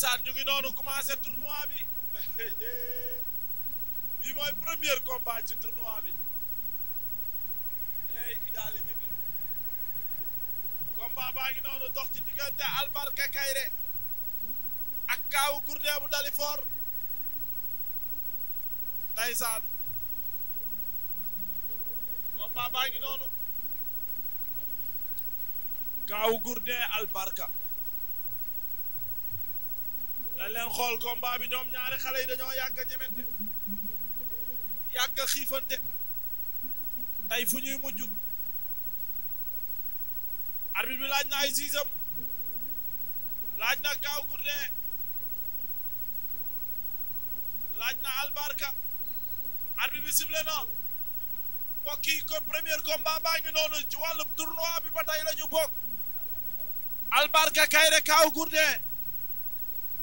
ndeysaan ñu ngi noonu commencé tournoi bi bi mooy premier combat ci baa ngi noonu dox ci diggante Albarka Kayre ak Kaawu Gourdin bu Dalifort ndeysaan combat baa ngi noonu Kaawu Gourdin Albarka dañ leen xool combat bi ñoom ñaari xale yi dañoo yàgg a ñemente yàgg a xiifante tey fu ñuy mujj arbitre bi laaj na ay siisam laaj na Kaw Gourdin laaj na albarka arbitre bi sifflé na yi ko premier combat baa ngi noonu ci wàllu tournoi bi ba la ñu bokk albarka Kayré Kaw Gourdin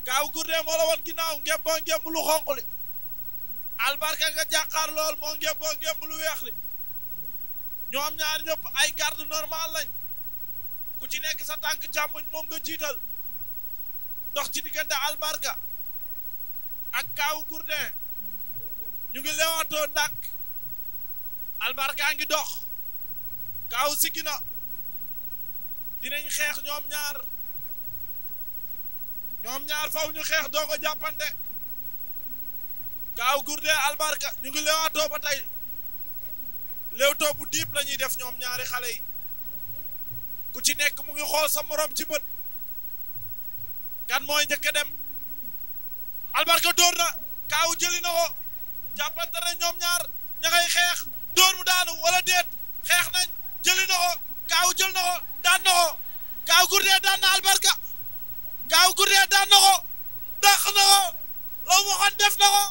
Kaaw Gourdin moo la woon ginnaaw ngéb boo ngéb lu xonq li albarka nga jàkkaar lool moo ngéb boo ngéb lu weex li ñoom ñaar ñëpp ay garde normal lañ ku ci nekk sa tànk càmmoñ moom nga jiital dox ci diggante albarka ak Kaaw Gourdin ñu ngi lewaatoo ndànk albarka ngi dox Kaaw sikina na dinañ xeex ñoom ñaar ñoom ñaar faw ñu xeex doo ko jàppante Gaaw Gourdin Albarka ñu ngi leewaatoo ba tey leewtoo bu diib def ñoom ñaari xale yi ku ci nekk mu ngi xool sa morom ci bët kan mooy njëkk dem Albarka dóor na kaw jëli na ko jàppante na ñoom ñaar ña xeex dóor mu daanu wala déet xeex na ko Kaaw jël na ko daan na daan na Albarka daaw gurdee daan na ko dàq na ko loo waxoon def na ko